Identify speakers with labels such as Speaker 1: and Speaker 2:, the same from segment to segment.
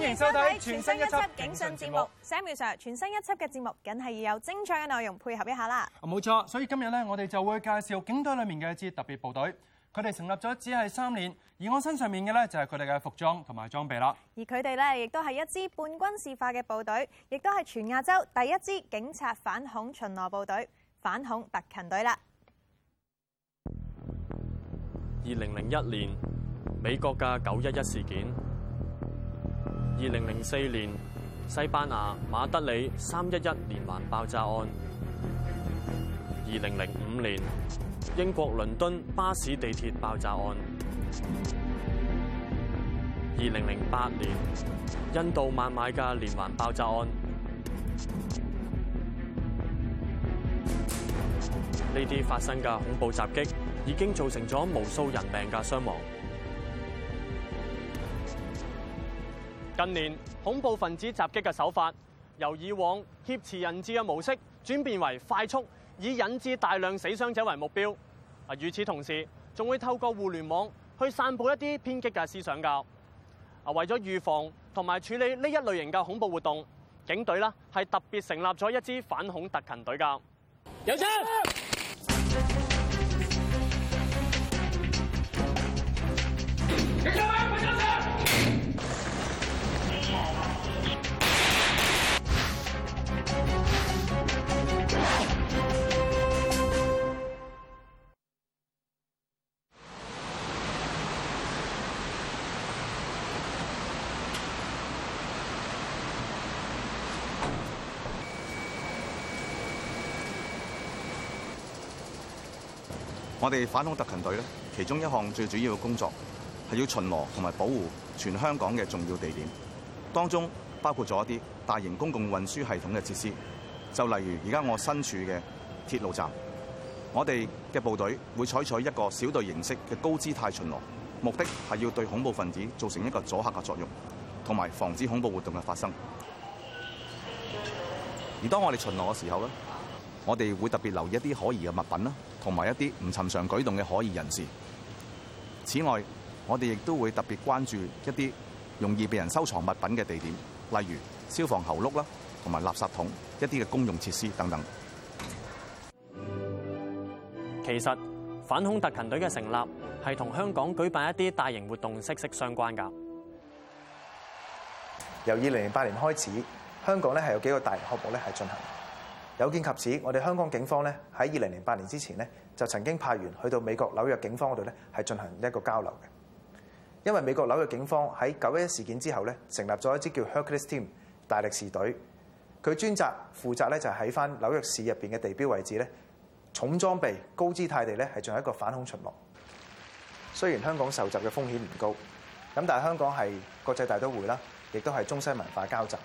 Speaker 1: 歡迎收
Speaker 2: 睇全新一輯警訊節目，Samuel Sir，全新一輯嘅節目，梗係要有精彩嘅內容配合一下啦。
Speaker 1: 冇錯，所以今日咧，我哋就會介紹警隊裏面嘅一支特別部隊，佢哋成立咗只係三年，而我身上面嘅咧就係佢哋嘅服裝同埋裝備啦。
Speaker 2: 而佢哋咧亦都係一支半軍事化嘅部隊，亦都係全亞洲第一支警察反恐巡邏部隊——反恐特勤隊啦。
Speaker 3: 二零零一年，美國嘅九一一事件。二零零四年西班牙馬德里三一一連環爆炸案，二零零五年英國倫敦巴士地鐵爆炸案，二零零八年印度孟買嘅連環爆炸案，呢啲發生嘅恐怖襲擊，已經造成咗無數人命嘅傷亡。近年恐怖分子襲擊嘅手法，由以往挾持人質嘅模式轉變為快速以引致大量死傷者為目標。啊，與此同時，仲會透過互聯網去散佈一啲偏激嘅思想噶啊，為咗預防同埋處理呢一類型嘅恐怖活動，警隊呢係特別成立咗一支反恐特勤隊噶。
Speaker 4: 有車！
Speaker 5: 我哋反恐特勤隊咧，其中一項最主要嘅工作係要巡邏同埋保護全香港嘅重要地點，當中包括咗一啲大型公共運輸系統嘅設施，就例如而家我身處嘅鐵路站。我哋嘅部隊會採取一個小隊形式嘅高姿態巡邏，目的係要對恐怖分子造成一個阻嚇嘅作用，同埋防止恐怖活動嘅發生。而當我哋巡邏嘅時候咧，我哋會特別留意一啲可疑嘅物品啦。同埋一啲唔尋常舉動嘅可疑人士。此外，我哋亦都會特別關注一啲容易被人收藏物品嘅地點，例如消防喉轆啦，同埋垃圾桶一啲嘅公用設施等等。
Speaker 3: 其實反恐特勤隊嘅成立係同香港舉辦一啲大型活動息息相關㗎。
Speaker 2: 由二零零八年開始，香港咧係有幾個大型活動咧係進行。有見及此，我哋香港警方咧喺二零零八年之前咧就曾經派員去到美國紐約警方嗰度咧係進行一個交流嘅，因為美國紐約警方喺九一一事件之後咧成立咗一支叫 Hercules Team 大力士隊，佢專責負責咧就係喺翻紐約市入邊嘅地標位置咧重裝備高姿態地咧係進行一個反恐巡邏。雖然香港受襲嘅風險唔高，咁但係香港係國際大都會啦，亦都係中西文化交集，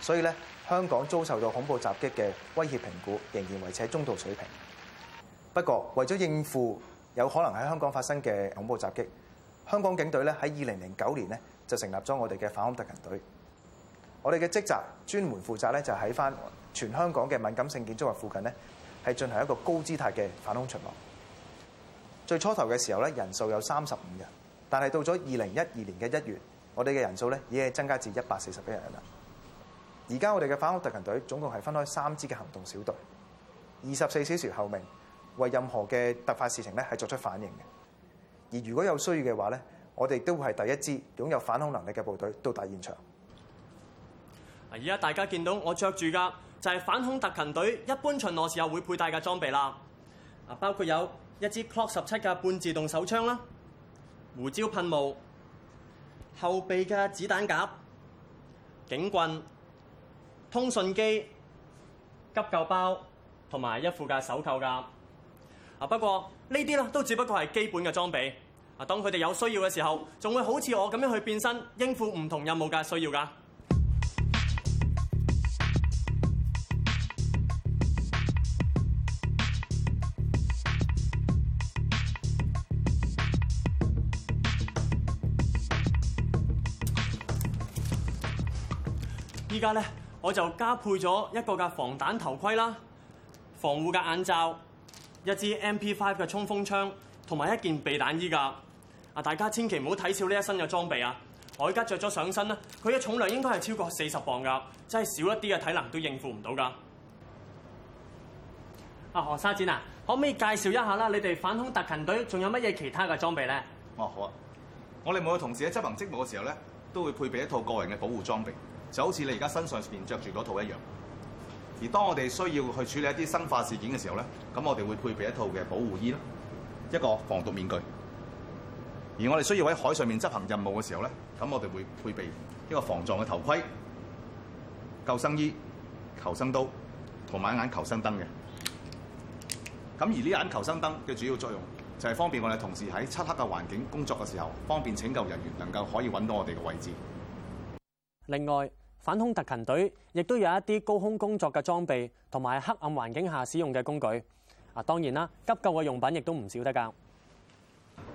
Speaker 2: 所以咧。香港遭受到恐怖襲擊嘅威脅評估仍然維持喺中度水平。不過，為咗應付有可能喺香港發生嘅恐怖襲擊，香港警隊咧喺二零零九年咧就成立咗我哋嘅反恐特勤隊，我哋嘅職責專門負責咧就喺翻全香港嘅敏感性建築物附近咧係進行一個高姿態嘅反恐巡邏。最初頭嘅時候咧人數有三十五人，但係到咗二零一二年嘅一月，我哋嘅人數咧已經係增加至一百四十一人啦。而家我哋嘅反恐特勤隊總共係分開三支嘅行動小隊，二十四小時候命為任何嘅突發事情咧係作出反應嘅。而如果有需要嘅話咧，我哋都會係第一支擁有反恐能力嘅部隊到達現場。
Speaker 3: 而家大家見到我着住噶就係反恐特勤隊一般巡邏時候會佩戴嘅裝備啦。啊，包括有一支 Glock 17嘅半自動手槍啦，胡椒噴霧、後備嘅子彈夾、警棍。通訊機、急救包同埋一副嘅手扣架。啊，不過呢啲咧都只不過係基本嘅裝備。啊，當佢哋有需要嘅時候，仲會好似我咁樣去變身應付唔同任務嘅需要噶。依家咧。我就加配咗一個嘅防彈頭盔啦，防護嘅眼罩，一支 MP5 嘅衝鋒槍，同埋一件避彈衣㗎。啊，大家千祈唔好睇少呢一身嘅裝備啊！我而家着咗上身啦，佢嘅重量應該係超過四十磅㗎，真係少一啲嘅體能都應付唔到㗎。阿何沙展啊，可唔可以介紹一下啦？你哋反恐特勤隊仲有乜嘢其他嘅裝備咧？
Speaker 5: 哦，好啊，我哋每個同事喺執行職務嘅時候咧，都會配備一套個人嘅保護裝備。就好似你而家身上面着住嗰套一樣，而當我哋需要去處理一啲生化事件嘅時候咧，咁我哋會配備一套嘅保護衣啦，一個防毒面具。而我哋需要喺海上面執行任務嘅時候咧，咁我哋會配備一個防撞嘅頭盔、救生衣、求生刀同埋一眼求生燈嘅。咁而呢一眼求生燈嘅主要作用就係方便我哋同事喺漆黑嘅環境工作嘅時候，方便拯救人員能夠可以揾到我哋嘅位置。另外。反恐特勤
Speaker 3: 隊亦都有一啲高空工作嘅裝備，同埋黑暗環境下使用嘅工具。啊，當然啦，急救嘅用品亦都唔少得噶。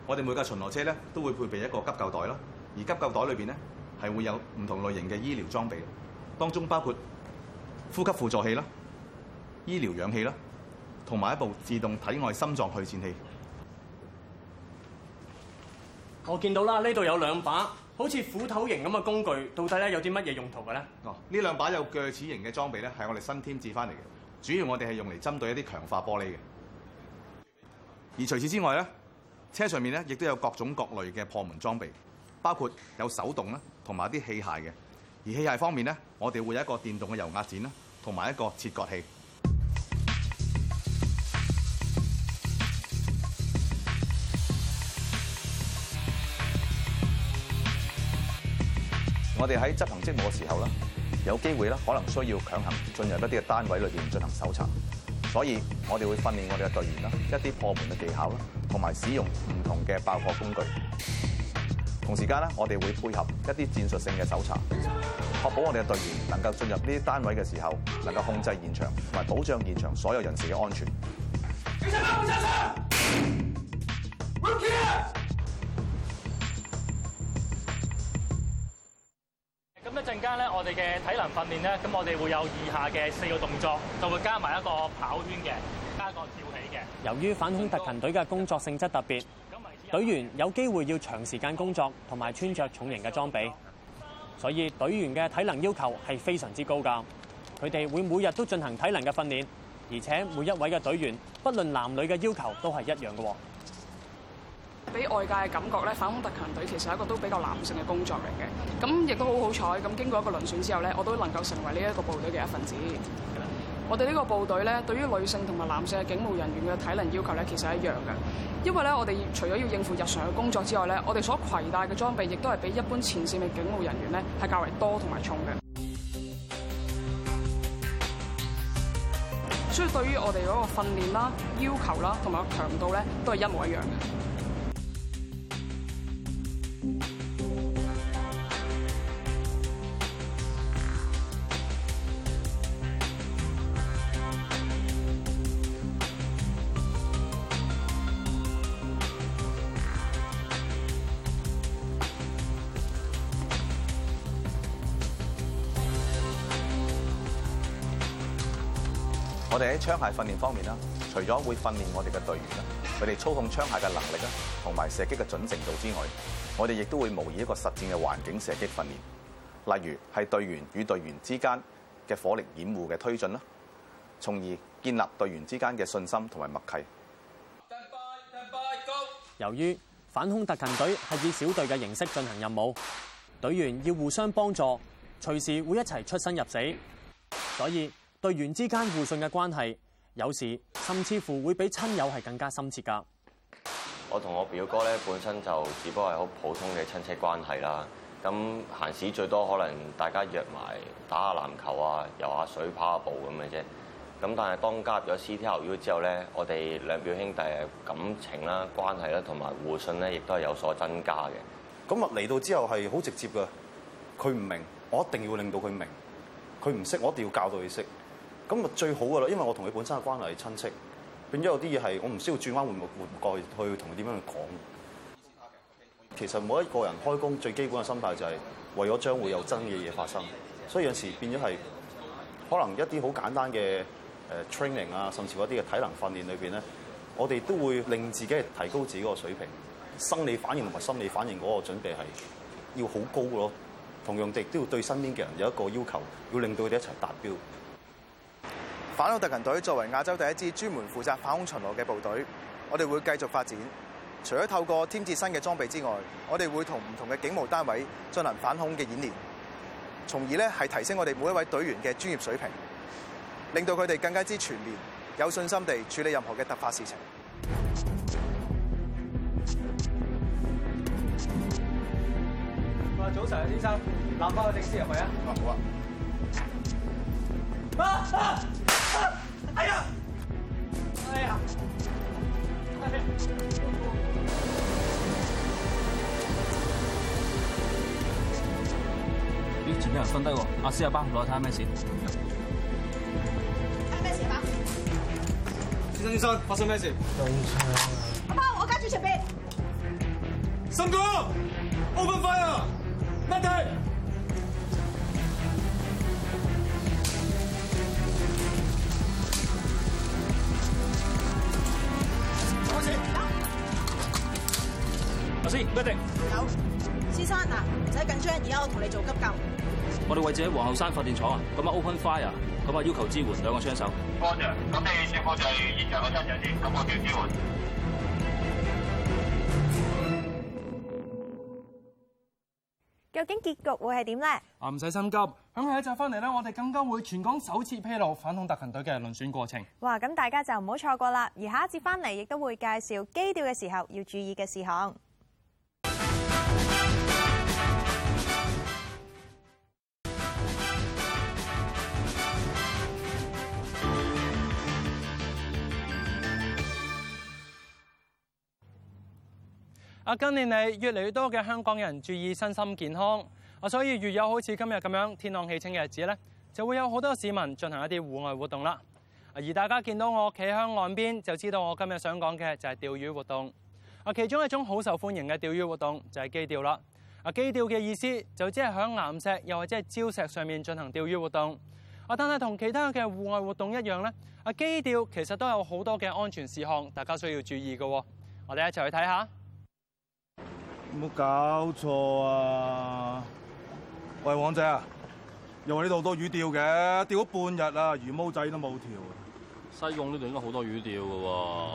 Speaker 5: 我哋每架巡邏車咧都會配備一個急救袋啦，而急救袋裏邊咧係會有唔同類型嘅醫療裝備，當中包括呼吸輔助器啦、醫療氧氣啦，同埋一部自動體外心臟去顫器。
Speaker 3: 我見到啦，
Speaker 5: 呢度有兩把。好似斧頭型咁嘅工具，到底咧有啲乜嘢用途嘅咧？哦，呢兩把有鋸齒型嘅裝備咧，係我哋新添置翻嚟嘅，主要我哋係用嚟針對一啲強化玻璃嘅。而除此之外咧，車上面咧亦都有各種各類嘅破門裝備，包括有手動啦，同埋啲器械嘅。而器械方面咧，我哋會有一個電動嘅油壓剪啦，同埋一個切割器。我哋喺執行職務嘅時候呢，有機會啦，可能需要強行進入一啲嘅單位裏面進行搜查，所以我哋會訓練我哋嘅隊員啦，一啲破門嘅技巧啦，同埋使用唔同嘅爆破工具。同時間咧，我哋會配合一啲戰術性嘅搜查，確保我哋嘅隊員能夠進入呢啲單位嘅時候，能夠控制現場同埋保障現場所有人士嘅安全。警察
Speaker 4: 我哋嘅體能訓練呢，咁我哋會有以下嘅四個動作，就會加埋一個跑圈嘅，加一個跳起
Speaker 3: 嘅。由於反恐特勤隊嘅工作性質特別，隊員有機會要長時間工作，同埋穿着重型嘅裝備，所以隊員嘅體能要求係非常之高㗎。佢哋會每日都進行體能嘅訓練，而且每一位嘅隊員，不論男女嘅要求都係一樣嘅喎。俾外界嘅感覺咧，反恐特勤隊其實係一個都比較男性嘅工作嚟嘅。咁亦都好好彩，咁經過一個輪選之後咧，我都能夠成為呢一個部隊嘅一份子。我哋呢個部隊咧，對於女性同埋男性嘅警務人員嘅體能要求咧，其實係一樣嘅。因為咧，我哋除咗要應付日常嘅工作之外咧，我哋所攜帶嘅裝備亦都係比一般前線嘅警務人員咧係較為多同埋重嘅。所以對於我哋嗰個訓練啦、要求啦同埋強度咧，都係一模一樣嘅。
Speaker 5: 我哋喺槍械訓練方面啦，除咗會訓練我哋嘅隊員啦，佢哋操控槍械嘅能力啦，同埋射擊嘅準程度之外，我哋亦都會模擬一個實戰嘅環境射擊訓練，例如係隊員與隊員之間嘅火力掩護嘅推進啦，從而建立隊員之間嘅信心同埋默契。由於反恐特勤隊係以小隊
Speaker 3: 嘅形式進行任務，隊員要互相幫助，隨時會一齊出生入死，所以，隊員之間互信嘅關係，有時甚至乎會比親友係更加深切噶。我同我表哥咧，本身就只不過係好普通嘅親戚關係啦。咁閒時最多可能大家約埋打下籃球啊，游下水，跑下步咁嘅啫。咁但係當加入咗 CTRU 之後咧，我哋
Speaker 5: 兩表兄弟嘅感情啦、關係啦同埋互信咧，亦都係有所增加嘅。咁嚟到之後係好直接噶，佢唔明，我一定要令到佢明。佢唔識，我一定要教到佢識。咁咪最好㗎啦，因為我同佢本身嘅關係係親戚，變咗有啲嘢係我唔需要轉彎抹角過去同佢點樣去講。其實每一個人開工最基本嘅心態就係為咗將會有真嘅嘢發生，所以有陣時變咗係可能一啲好簡單嘅誒 training 啊，甚至乎一啲嘅體能訓練裏邊咧，我哋都會令自己提高自己嗰個水平，生理反應同埋心理反應嗰個準備係要好高咯。同樣地，都要對身邊嘅人有一個要求，要令到佢哋
Speaker 2: 一齊達標。反恐特勤隊作為亞洲第一支專門負責反恐巡邏嘅部隊，我哋會繼續發展。除咗透過添置新嘅裝備之外，我哋會和不同唔同嘅警務單位進行反恐嘅演練，從而咧係提升我哋每一位隊員嘅專業水平，令到佢哋更加之全面、有信心地處理任何嘅突發事情。
Speaker 3: 早晨，先生，攔翻個警司入嚟啊。
Speaker 1: 好啊！啊啊
Speaker 3: 哎
Speaker 4: 呀！哎呀！快、哎、邊。咦、哎，前面有人瞓低喎，阿、啊、四阿伯，老太，睇下咩事？
Speaker 3: 係、哎、咩事啊？先生先生，發生咩事？中
Speaker 1: 槍！阿包，我家住準備
Speaker 3: 三哥
Speaker 4: ，open fire，慢啲。唔得定
Speaker 2: 有先生嗱，啊，唔使緊張，而家我同你做急救。
Speaker 4: 我哋位置喺皇后山發電廠啊，咁啊 open fire，咁啊要求支援兩個槍手。Roger，咁你轉過就係現場嘅親友
Speaker 2: 先，咁我叫支
Speaker 3: 援。
Speaker 2: 究竟結局會係點咧？
Speaker 1: 啊，唔使心急，響下一集翻嚟咧，我哋更加會全港首次披露反恐特勤隊嘅遴選過程。
Speaker 2: 哇，咁大家就唔好錯過啦。而下一節翻嚟亦都會介紹基調嘅時候要注意嘅事項。
Speaker 1: 啊！近年嚟越嚟越多嘅香港人注意身心健康，啊，所以越有好似今日咁樣天朗氣清嘅日子咧，就會有好多市民進行一啲戶外活動啦。而大家見到我企喺岸邊，就知道我今日想講嘅就係釣魚活動。啊，其中一種好受歡迎嘅釣魚活動就係磯釣啦。啊，磯釣嘅意思就只係喺岩石又或者係礁石上面進行釣魚活動。啊，就是，但係同其他嘅戶外活動一樣咧，啊，磯釣其實都有好多嘅安全事項，大家需要注意嘅。我哋一齊去睇下。
Speaker 4: 有冇搞錯啊？喂，王姐，啊，又話呢度多魚釣嘅，釣咗半日啊，魚毛仔都冇條啊。西貢呢度應該好多魚釣噶喎。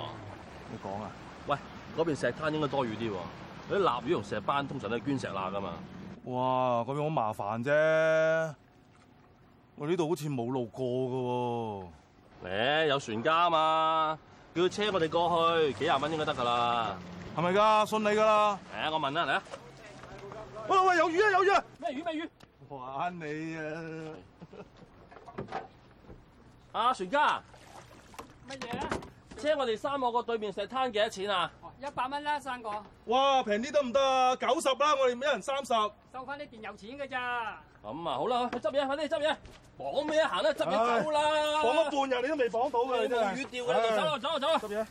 Speaker 4: 你講啊？喂，嗰邊石灘應該多魚啲喎。嗰啲鱲魚同石斑通常都係捐石罅噶嘛。哇，嗰邊好麻煩啫。我呢度好似冇路過噶喎、啊。誒、欸，有船家啊嘛，叫佢車我哋過去，幾廿蚊應該得噶啦。係咪噶？信你噶啦！嚟啊，我問啦嚟啊！喂喂，有魚啊，有魚啊！咩魚咩魚？玩你啊！阿、 啊、船家，乜嘢啊？車我哋三個個對面石灘幾多錢啊？哦、一百蚊啦，三個。哇，平啲得唔得啊！九十啦，我哋每人三十。收翻啲電油錢噶咋？咁啊好啦，去執嘢，快啲執嘢！綁咩行啦，執嘢走啦！綁咗半日你都未綁到嘅，你真係。冇魚釣，走走走，執嘢。走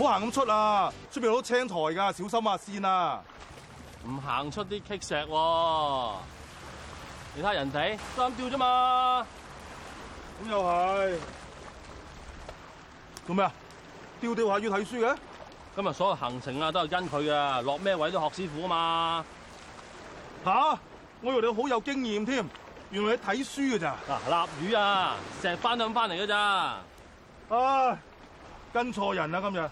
Speaker 4: 唔好行咁出啊！出邊好多青苔噶，小心下先啊！唔行出啲棘石，啊，其他人體三吊啫嘛？咁又係做咩啊？吊吊下要睇書嘅？今日所有行程啊都係跟佢㗎。落咩位都學師傅啊嘛！吓、啊，我以為你好有經驗添，原來你睇書噶咋？嗱、啊，立魚啊，石斑翻咁翻嚟噶咋？唉、啊，跟錯
Speaker 1: 人啦今日。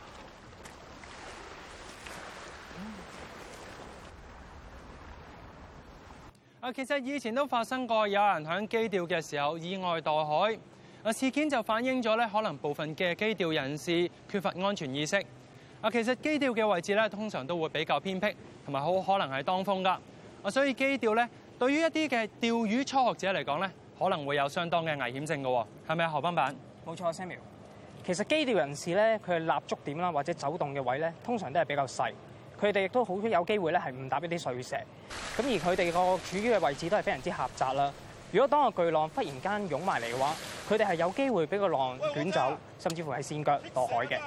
Speaker 1: 其實以前都發生過有人喺磯釣嘅時候意外墮海。啊，事件就反映咗咧，可能部分嘅磯釣人士缺乏安全意識。啊，其實磯釣嘅位置咧，通常都會比較偏僻，同埋好可能係當風噶。啊，所以磯釣咧，對於一啲嘅釣魚初學者嚟講咧，可能會有相當嘅危險性噶，係咪啊，何邦板？冇錯，Samuel。
Speaker 3: 其實磯釣人士咧，佢立足點啦，或者走動嘅位咧，通常都係比較細。佢哋亦都好有機會咧，係誤踏一啲碎石。咁而佢哋個處於嘅位置都係非常之狹窄啦。如果當個巨浪忽然間湧埋嚟嘅話，佢哋係有機會俾個浪捲走，甚至乎係跣腳墮海嘅。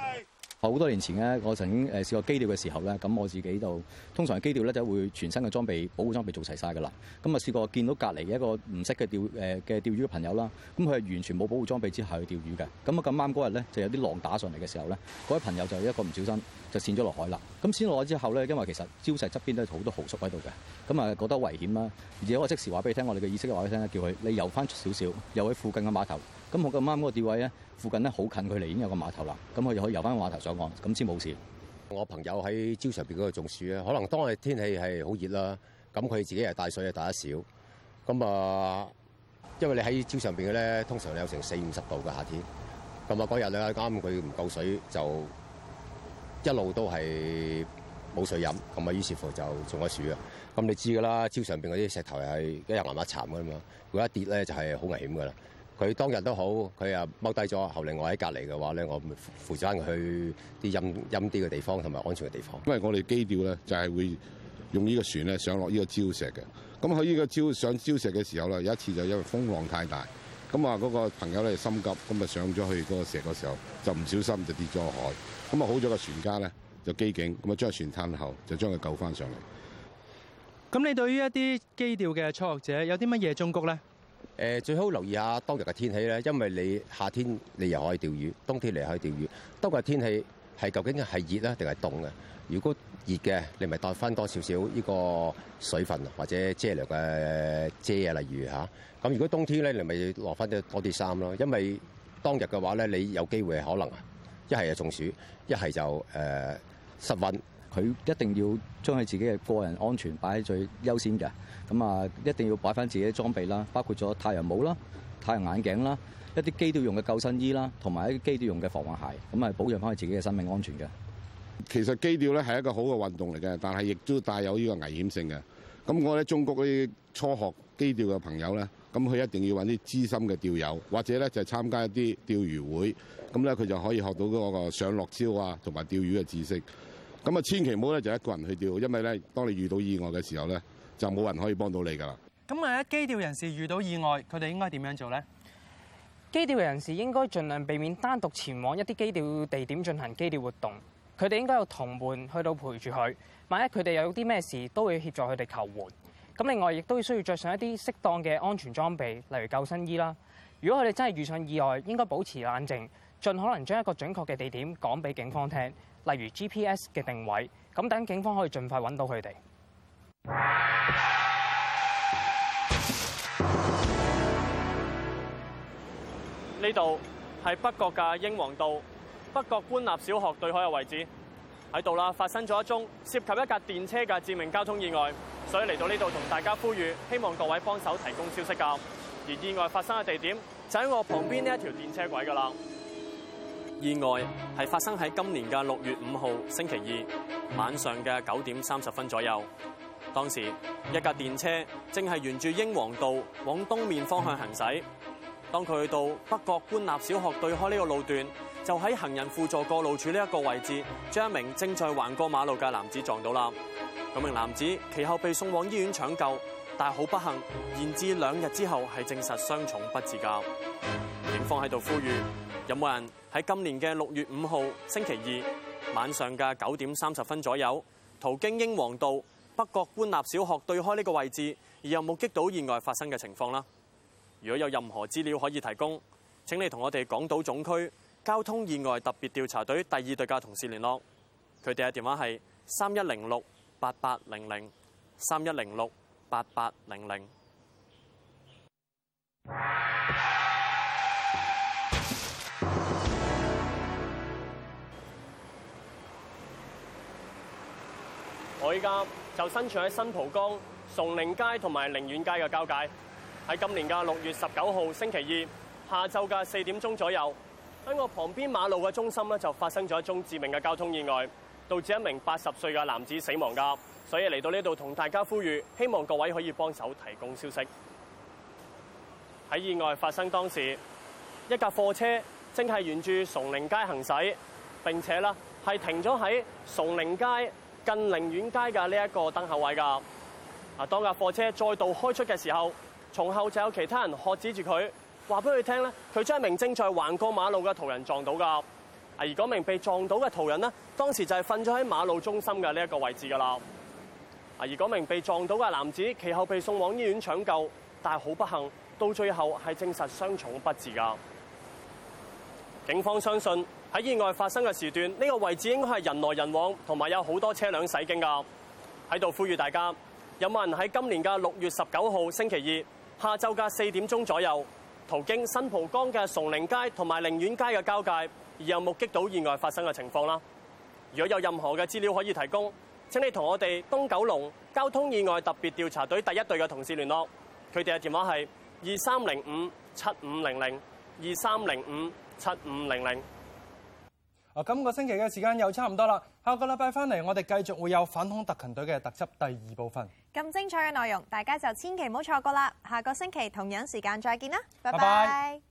Speaker 5: 好多年前咧，我曾經誒試過磯釣嘅時候咧，咁我自己就通常磯釣咧就會全身嘅裝備保護裝備做齊晒嘅啦。咁啊試過見到隔離嘅一個唔識嘅釣誒嘅、呃、釣魚嘅朋友啦，咁佢係完全冇保護裝備之下去釣魚嘅。咁啊咁啱嗰日咧就有啲浪打上嚟嘅時候咧，嗰位朋友就一個唔小心就跣咗落海啦。咁跣落海之後咧，因為其實礁石側邊都好多蠔屬喺度嘅，咁啊覺得危險啦，而且我即時話俾你聽，我哋嘅意識話俾你聽，叫佢你游翻出少少，遊喺附近嘅碼頭。咁我咁啱個釣位咧，附近咧好近距離已經有個碼頭啦。咁我就可以遊翻個碼頭上岸，咁先冇事。我朋友喺礁上邊嗰度種樹咧，可能當日天氣係好熱啦。咁佢自己係帶水係帶得少，咁啊，因為你喺礁上邊嘅咧，通常你有成四五十度嘅夏天。咁啊，嗰日咧啱佢唔夠水，就一路都係冇水飲。咁啊，於是乎就中咗暑啊。
Speaker 3: 咁你知噶啦，礁上邊嗰啲石頭係一日麻麻沉噶啦嘛，佢一跌咧就係好危險噶啦。佢當日都好，佢啊踎低咗。後嚟我喺隔離嘅話咧，我負責翻去
Speaker 5: 啲陰陰啲嘅地方同埋安全嘅地方。因為我哋磯釣咧就係會用呢個船咧上落呢個礁石嘅。咁喺呢個礁上礁石嘅時候咧，有一次就因為風浪太大，咁啊嗰個朋友咧心急，咁啊上咗去嗰個石嘅時候就唔小心就跌咗海。咁啊好咗個船家咧就機警，咁啊將船褪後就將佢救翻上嚟。
Speaker 1: 咁你對於一啲磯釣嘅初學者有啲乜嘢忠告咧？
Speaker 3: 誒，最好留意下當日嘅天氣咧，因為你夏天你又可以釣魚，冬天你又可以釣魚。當日天氣係究竟係熱啊，定係凍啊？如果熱嘅，你咪帶翻多少少呢個水分或者遮涼嘅遮啊。例如吓，咁如果冬天咧，你咪
Speaker 5: 落翻多啲衫咯。因為當日嘅話咧，你有機會可能一係就中暑，一係就誒失溫。呃佢一定要將佢自己嘅個人安全擺喺最優先嘅咁啊！一定要擺翻自己嘅裝備啦，包括咗太陽帽啦、太陽眼鏡啦、一啲磯釣用嘅救生衣啦，同埋一啲磯釣用嘅防滑鞋，咁啊保障翻佢自己嘅生命安全嘅。其實磯釣咧係一個好嘅運動嚟嘅，但係亦都帶有呢個危險性嘅。咁我咧，中國啲初學磯釣嘅朋友咧，咁佢一定要揾啲資深嘅釣友，或者咧就係參加一啲釣魚會，咁咧佢就可以學到嗰個上落礁啊，同埋釣魚嘅知識。咁啊，千祈唔好咧，就一個人去釣，因為咧，當你遇到意外嘅時候咧，就冇人可以幫到你㗎喇。
Speaker 3: 咁萬一磯釣人士遇
Speaker 1: 到意外，佢哋應該點樣做
Speaker 3: 呢？磯釣人士應該盡量避免單獨前往一啲磯釣地點進行磯釣活動，佢哋應該有同伴去到陪住佢。萬一佢哋有啲咩事，都會協助佢哋求援。咁另外，亦都需要着上一啲適當嘅安全裝備，例如救生衣啦。如果佢哋真係遇上意外，應該保持冷靜，盡可能將一個準確嘅地點講俾警方聽。例如 GPS 嘅定位，咁等警方可以盡快揾到佢哋。呢度係北角嘅英皇道，北角官立小學對開嘅位置喺度啦。在這裡發生咗一宗涉及一架電車嘅致命交通意外，所以嚟到呢度同大家呼籲，希望各位幫手提供消息㗎。而意外發生嘅地點就喺我旁邊呢一條電車軌㗎啦。意外係發生喺今年嘅六月五號星期二晚上嘅九點三十分左右。當時一架電車正係沿住英皇道往東面方向行駛，當佢去到北角官立小學對開呢個路段，就喺行人輔助過路處呢一個位置，將一名正在橫過馬路嘅男子撞到啦。嗰名男子其後被送往醫院搶救，但好不幸，延至兩日之後係證實傷重不治㗎。警方喺度呼籲。有冇人喺今年嘅六月五號星期二晚上嘅九點三十分左右，途經英皇道北角官立小學對開呢個位置，而又目擊到意外發生嘅情況啦？如果有任何資料可以提供，請你同我哋港島總區交通意外特別調查隊第二隊嘅同事聯絡，佢哋嘅電話係三一零六八八零零三一零六八八零零。 我依家就身處喺新蒲崗、崇寧街同埋寧遠街嘅交界。喺今年嘅六月十九號星期二下晝嘅四點鐘左右，喺我旁邊馬路嘅中心呢，就發生咗一宗致命嘅交通意外，導致一名八十歲嘅男子死亡㗎。所以嚟到呢度同大家呼籲，希望各位可以幫手提供消息。喺意外發生當時，一架貨車正係沿住崇寧街行駛，並且呢係停咗喺崇寧街。近寧遠街嘅呢一個燈口位噶，啊，當架貨車再度開出嘅時候，從後就有其他人喝止住佢，話俾佢聽咧，佢將一名正在橫過馬路嘅途人撞到噶。啊，而嗰名被撞到嘅途人呢，當時就係瞓咗喺馬路中心嘅呢一個位置噶啦。啊，而嗰名被撞到嘅男子，其後被送往醫院搶救，但係好不幸，到最後係證實傷重不治噶。警方相信。喺意外發生嘅時段，呢個位置應該係人來人往，同埋有好多車輛駛經㗎。喺度呼籲大家有冇人喺今年嘅六月十九號星期二下晝嘅四點鐘左右途經新蒲崗嘅崇寧街同埋寧遠街嘅交界，而又目擊到意外發生嘅情況啦。如果有任何嘅資料可以提供，請你同我哋東九龍交通意外特別調查隊第一隊嘅同事聯絡，佢哋嘅電話係二三零五七五零零二三零五七五零零。
Speaker 1: 今個星期嘅時間又差唔多啦，下個禮拜翻嚟，我哋繼續會有反恐特勤隊嘅特輯第二部分。
Speaker 2: 咁精彩嘅內容，大家就千祈唔好錯過啦！下個星期同樣時間再見啦，拜拜。拜拜。